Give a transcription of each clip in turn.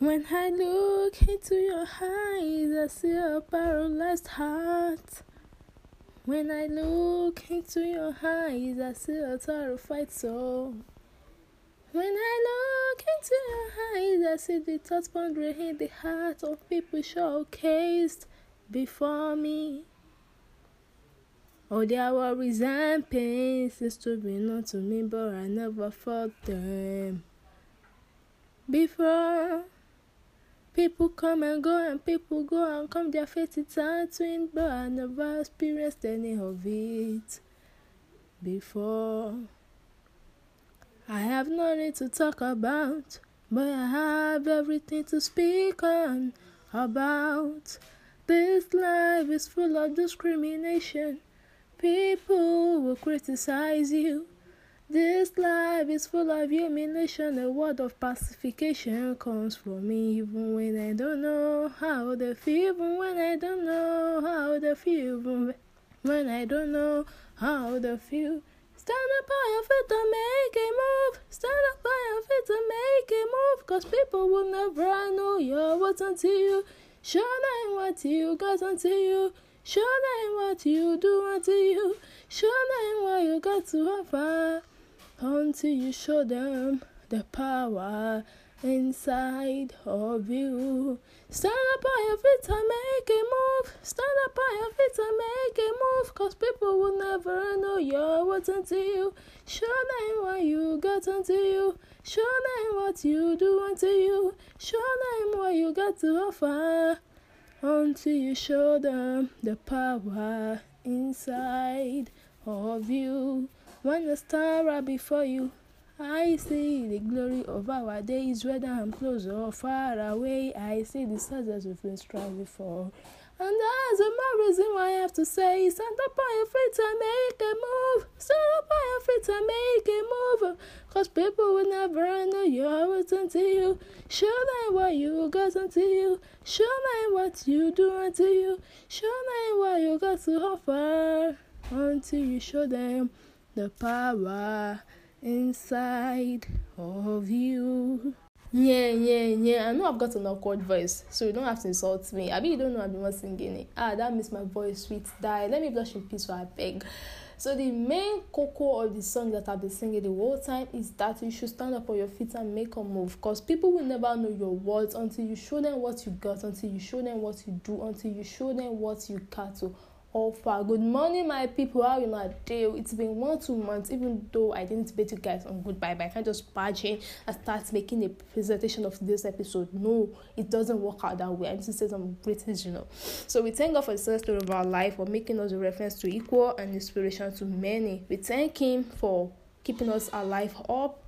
When I look into your eyes, I see a paralyzed heart. When I look into your eyes, I see a terrified soul. When I look into your eyes, I see the thoughts pondering in the heart of people showcased before me. All their worries and pains seems to be known to me, but I never felt them before. People come and go and people go and come, their fate is tattooing, but I never experienced any of it before. I have nothing to talk about, but I have everything to speak on about. This life is full of discrimination. People will criticize you. This life is full of humiliation. A word of pacification comes from me, even when I don't know how to feel, even when I don't know how to feel, even when I don't know how to feel. Stand up by your feet and make a move. Stand up by your feet and make a move. Cause people will never know your worth until you show them what you got until you. Show them what you do until you. Show them what you got to offer until you show them the power inside of you. Stand up on your feet and make a move. Stand up on your feet and make a move. Cause people will never know your worth until you show them what you got until you. Show them what you do until you. Show them what you got to offer. Until you show them the power inside of you. When the star are before you, I see the glory of our days, whether I'm close or far away. I see the stars that we've been striving for. And that's my reason why I have to say, stand up on your feet and make a move. Stand up on your feet and make a move. Cause people will never know your worth until you show them what you got until you show them what you do until you show them what you got to offer until you show them. the power inside of you. Yeah, yeah, yeah. I know I've got an awkward voice, so you don't have to insult me. I mean, you don't know I've been singing it. Ah, that makes my voice sweet die. Let me blush in peace while I beg. So the main cocoa of the song that I've been singing the whole time is that you should stand up on your feet and make a move. Cause people will never know your words until you show them what you got, until you show them what you do, until you show them what you cattle. Offer. Good morning, my people. How are you my day? It's been one two months, even though I didn't debate you guys on goodbye, but I can't just barge in and start making a presentation of this episode. No, it doesn't work out that way. I need to say some greetings, you know. So we thank God for the story of our life for making us a reference to equal and inspiration to many. We thank him for keeping us alive up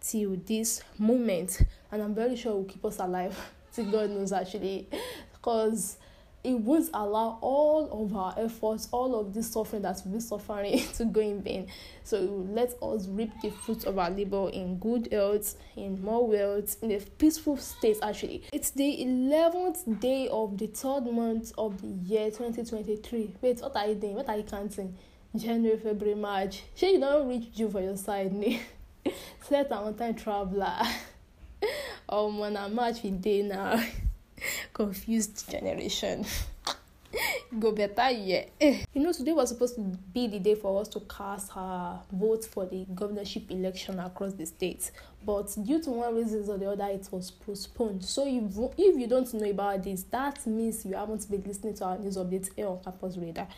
till this moment. And I'm very sure will keep us alive till God knows actually. Because It won't allow all of our efforts, all of this suffering that we've been suffering to go in vain. So He will let us reap the fruits of our labor in good health, in more wealth, in a peaceful state actually. It's the 11th day of the third month of the year 2023. Wait, what are you doing? What are you counting? January, February, March. Sure, you don't reach you for your side, ne? Set a one time traveler. Oh man, I'm much day now. confused generation. Go better yeah. you know, today was supposed to be the day for us to cast our vote for the governorship election across the state, but due to one reason or the other, it was postponed. So, if, if you don't know about this, that means you haven't been listening to our news updates here on Campus Radar.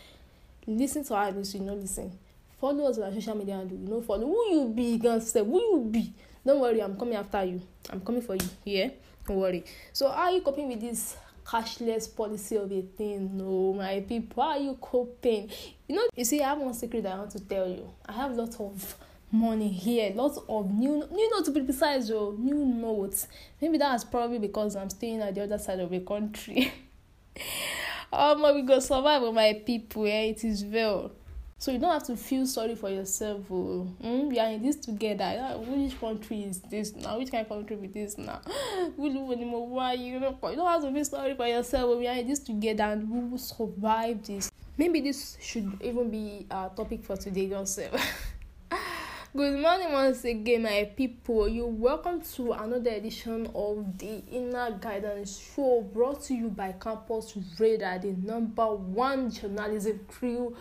Listen to our news, you know, listen. Follow us on our social media and you know, follow who you be, girl. Who you be? Don't worry, I'm coming after you. I'm coming for you. Yeah worry so are you coping with this cashless policy of a thing no my people are you coping you know you see i have one secret i want to tell you i have lots of money here lots of new new notes to be precise o oh, new notes maybe that's probably because i'm staying at the other side of the country Oh my, we go survive with my people eh it is well so you don't have to feel sorry for yourself oh mm, we are in this together yeah, which country is this now which kind of country be this now We wo ni mo wá you know you don't have to feel sorry for yourself oh we are in this together and we will survive this maybe this should even be our topic for today yourself. Good morning once again, my people. You're welcome to another edition of the Inner Guidance Show brought to you by Campus Radar, the number one journalism crew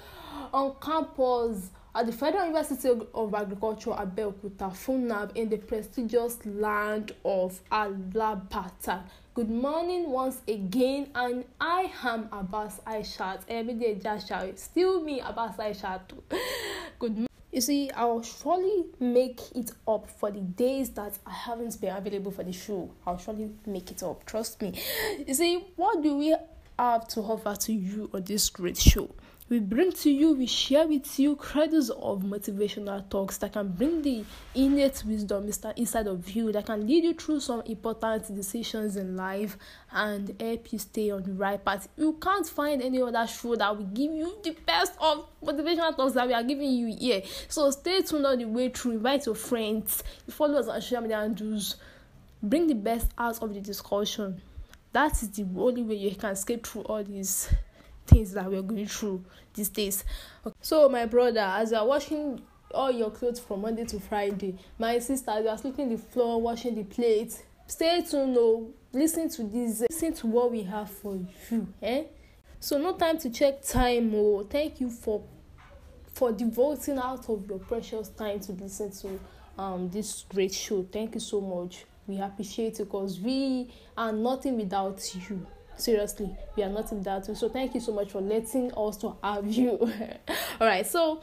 on campus at the Federal University of Agriculture Abeokuta, FUNAB, in the prestigious land of Alabata. Good morning once again, and I am Abbas Aishat. Everyday Jasha, still me, Abbas Aishat. Good morning. You see, I'll surely make it up for the days that I haven't been available for the show. I'll surely make it up. Trust me. You see, what do we have to offer to you on this great show. We bring to you, we share with you credits of motivational talks that can bring the innate wisdom inside of you, that can lead you through some important decisions in life and help you stay on the right path. You can't find any other show that will give you the best of motivational talks that we are giving you here. So stay tuned on the way through. Invite your friends, follow us on social media and do bring the best out of the discussion. that is the only way you can escape through all these things that we're going through these days okay. so my brother as you are washing all your clothes from monday to friday my sister as you are sweeping the floor washing the plates. stay tuned o oh, listen to this listen to what we have for you eh so no time to check time oh. thank you for for devoting out of your precious time to listen to um, this great show thank you so much. we appreciate you because we are nothing without you seriously we are nothing without you so thank you so much for letting us to have you all right so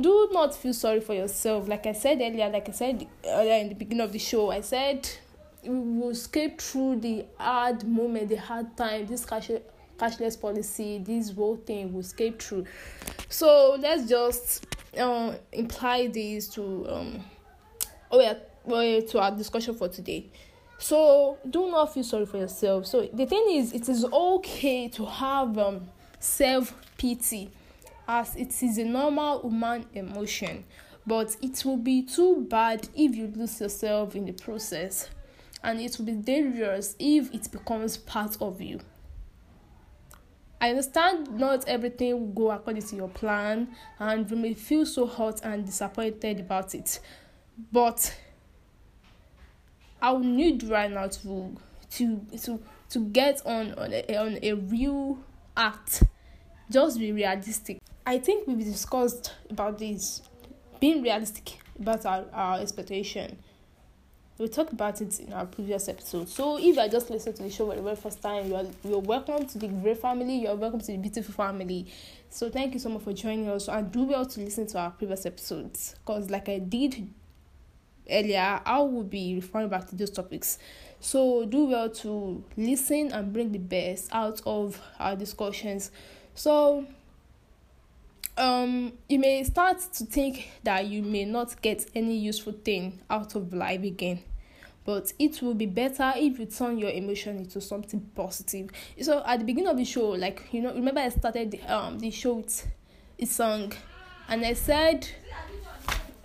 do not feel sorry for yourself like i said earlier like i said earlier in the beginning of the show i said we will escape through the hard moment the hard time this cash cashless policy this whole thing will escape through so let's just um, imply this to um, oh yeah to our discussion for today. So do not feel sorry for yourself. So the thing is, it is okay to have um, self pity, as it is a normal human emotion. But it will be too bad if you lose yourself in the process, and it will be dangerous if it becomes part of you. I understand not everything will go according to your plan, and you may feel so hurt and disappointed about it. But I'll need right now to to to to get on on a, on a real act. Just be realistic. I think we've discussed about this being realistic about our, our expectation. We talked about it in our previous episode. So if you're just listening to the show for the very first time, you're you're welcome to the great family, you're welcome to the beautiful family. So thank you so much for joining us and do well to listen to our previous episodes. Cause like I did earlier, I will be referring back to those topics. So do well to listen and bring the best out of our discussions. So um you may start to think that you may not get any useful thing out of life again but it will be better if you turn your emotion into something positive so at the beginning of the show like you know remember i started um the show with a song and i said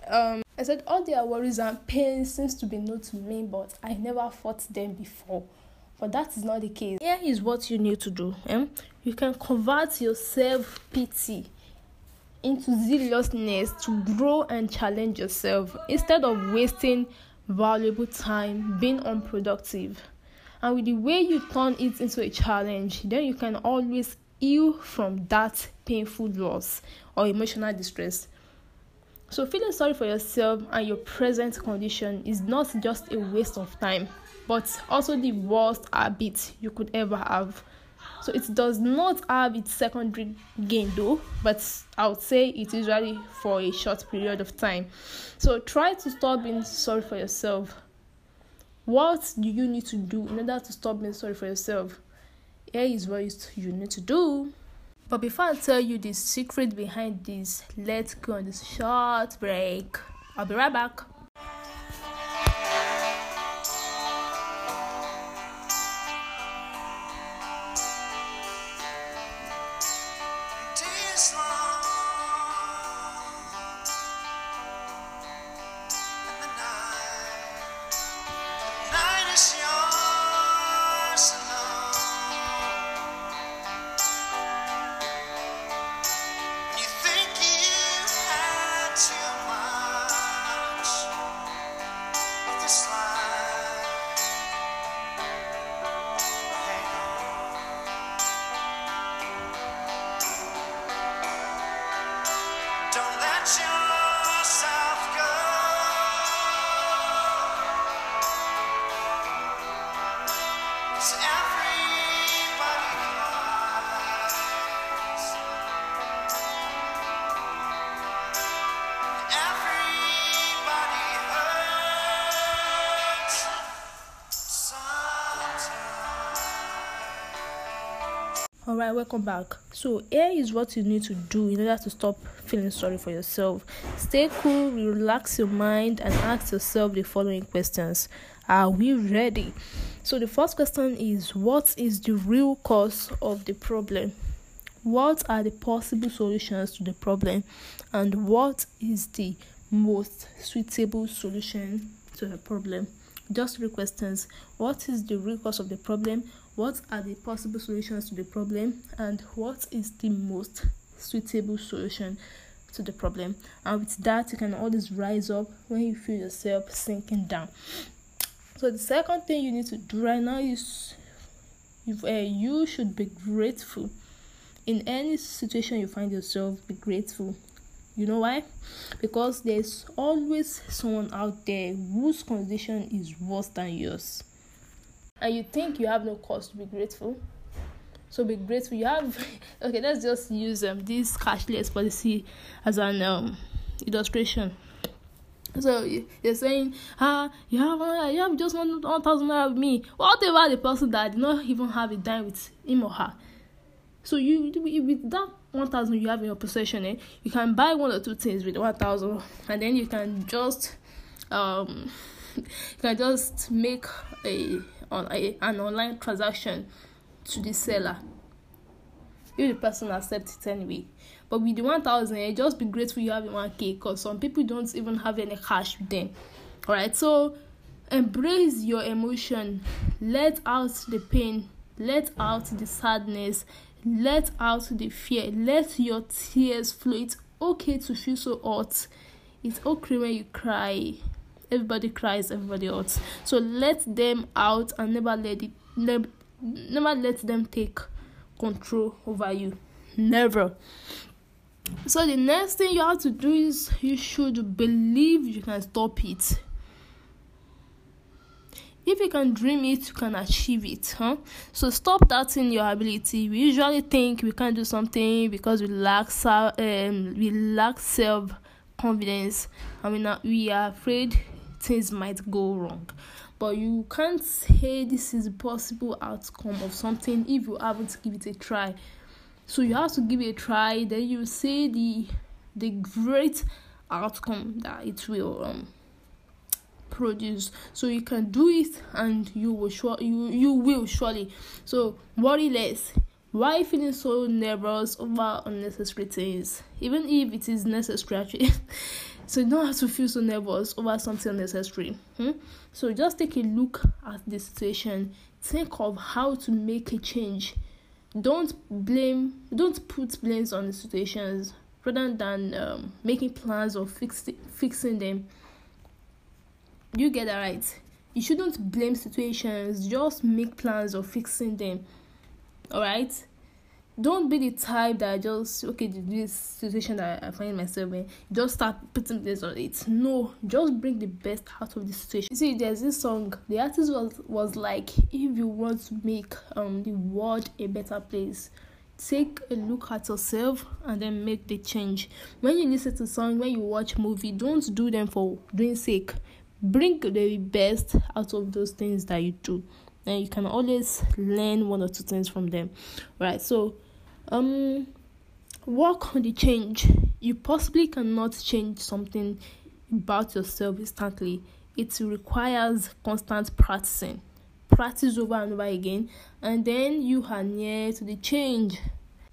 um I said, All their worries and pain seems to be new to me, but I never fought them before. But that is not the case. Here is what you need to do. Eh? You can convert your self pity into zealousness to grow and challenge yourself instead of wasting valuable time being unproductive. And with the way you turn it into a challenge, then you can always heal from that painful loss or emotional distress so, feeling sorry for yourself and your present condition is not just a waste of time, but also the worst habit you could ever have. So, it does not have its secondary gain though, but I would say it is usually for a short period of time. So, try to stop being sorry for yourself. What do you need to do in order to stop being sorry for yourself? Here is what you need to do But before I tell you the secret behind this, let's go on this short break. I'll be right back. all right welcome back so here is what you need to do in order to stop feeling sorry for yourself stay cool relax your mind and ask yourself the following questions are we ready so the first question is what is the real cause of the problem what are the possible solutions to the problem and what is the most suitable solution to the problem just three questions what is the real cause of the problem what are the possible solutions to the problem and what is the most suitable solution to the problem and with that you can always rise up when you feel yourself sinking down so the second thing you need to do right now is if, uh, eh, you should be grateful in any situation you find yourself be grateful you know why because there's always someone out there whose condition is worse than yours and you think you have no cause to be grateful so be grateful you have okay let's just use um, this cashless policy as an um, illustration so you're saying ah you have uh, you have just one one thousand naira with me what about the person that did not even have a dime with him or her so you with that one thousand you have in your possession eh you can buy one or two things with one thousand and then you can just um you can just make a on a, an online transaction to the seller if the person accept it anyway but with the one thousand eh, just be grateful you have in one k cause some people don't even have any cash with them alright so embrace your emotion let out the pain let out the sadness let out the fear let your tears flow it's okay to feel so hot it's okay when you cry everybody cries everybody hurts so let them out and never let it never, never let them take control over you never so the next thing you have to do is you should believe you can stop it if you can dream it you can achieve it huh so stop doubting your ability we usually think we can't do something because we lack um, we lack self confidence and we, we are afraid Things might go wrong. But you can't say this is a possible outcome of something if you haven't give it a try. So you have to give it a try, then you see the the great outcome that it will um, produce so you can do it and you will sure you you will surely so worry less why feeling so nervous over unnecessary things even if it is necessary So you don't have to feel so nervous over something unnecessary. Hmm? So just take a look at the situation. Think of how to make a change. Don't blame, don't put blames on the situations rather than um, making plans or fixing fixing them. You get that right. You shouldn't blame situations, just make plans of fixing them. All right? don't be the type that just okay this situation that I find myself in just start putting this on it. No, just bring the best out of the situation. You see, there's this song. The artist was was like, if you want to make um the world a better place, take a look at yourself and then make the change. When you listen to song, when you watch movie, don't do them for doing sake. Bring the best out of those things that you do. And you can always learn one or two things from them. right? So um work on the change you possibly cannot change something about yourself instantly it requires constant practicing practice over and over again and then you are near to the change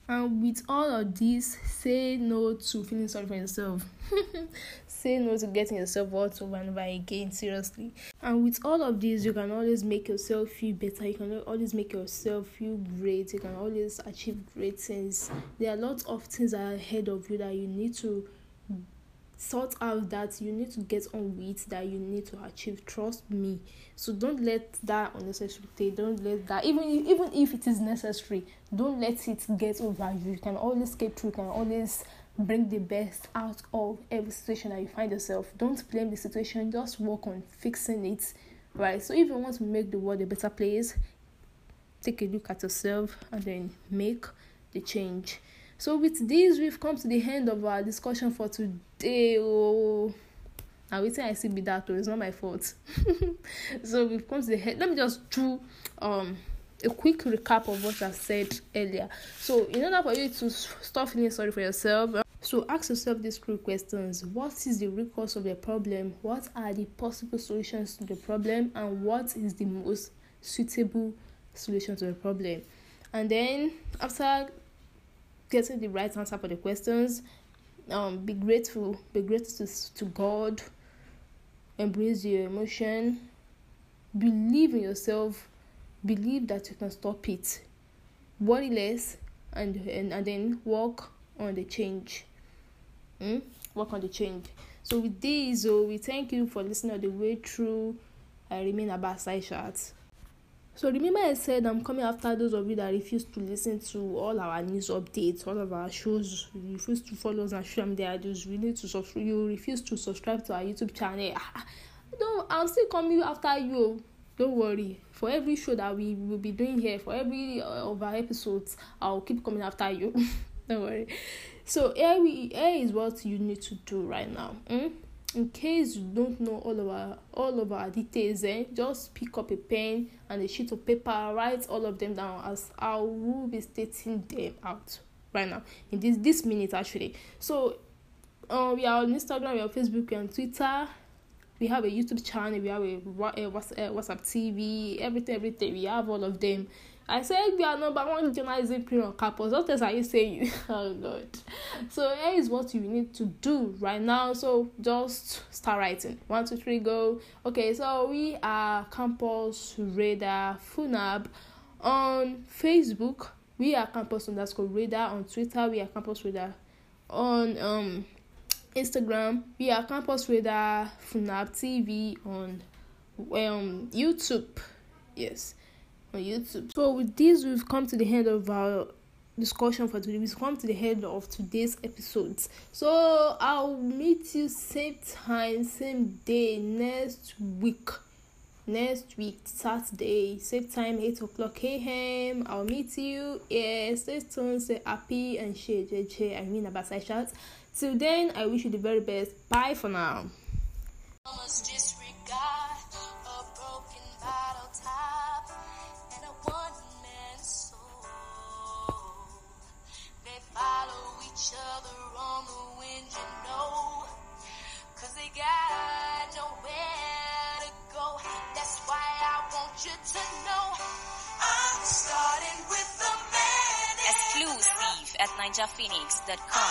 and with all of this say no to feeling sorry for yourself say no to getting yourself out over and over again seriously and with all of this you can always make yourself feel better you can always make yourself feel great you can always achieve great things there are lots of things ahead of you that you need to sort out that you need to get on with that you need to achieve trust me so don't let that unnecessary thing don't let that even if, even if it is necessary don't let it get over you you can always get through you can always bring the best out of every situation that you find yourself. Don't blame the situation, just work on fixing it. Right? So if you want to make the world a better place, take a look at yourself and then make the change. So with this, we've come to the end of our discussion for today. Oh, now waiting I see be that though, it's not my fault. so we've come to the head. Let me just do um a quick recap of what I said earlier. So in order for you to stop feeling sorry for yourself, so ask yourself these three questions What is the root cause of the problem? What are the possible solutions to the problem? And what is the most suitable solution to the problem? And then, after getting the right answer for the questions, um, be grateful, be grateful to, to God, embrace your emotion, believe in yourself, believe that you can stop it, worry less, and, and, and then work on the change. mm, work on the change. So with this, oh, we thank you for listening all the way through. I remain about side shots. So remember I said I'm coming after those of you that refuse to listen to all our news updates, all of our shows, you refuse to follow us on social media ideas, you need to subscribe you refuse to subscribe to our YouTube channel. Don't I'm still coming after you. Don't worry. For every show that we will be doing here, for every uh, of our episodes, I'll keep coming after you. Don't worry. So AI, AI is what you need to do right now. Mm? In case you don't know all of our all of our details, eh, just pick up a pen and a sheet of paper, write all of them down as I will be stating them out right now in this this minute actually. So uh, we are on Instagram, we are on Facebook, we are on Twitter. We have a YouTube channel, we have a, a eh, eh, WhatsApp TV, everything, everything. We have all of them. I said we are number one journalism print on campus, What else are you saying? oh god. So here is what you need to do right now. So just start writing. One, two, three, go. Okay, so we are campus radar funab on Facebook. We are campus underscore radar on Twitter, we are campus radar on um Instagram, we are campus radar funab TV on um YouTube. Yes. on YouTube. So with this, we've come to the end of our discussion for today. We've come to the end of today's episode. So I'll meet you same time, same day next week. Next week, Saturday, same time, 8 o'clock a.m. I'll meet you. Yes, stay tuned, stay happy, and share share. I mean, about side shots. Till then, I wish you the very best. Bye for now. JaPhoenix.com.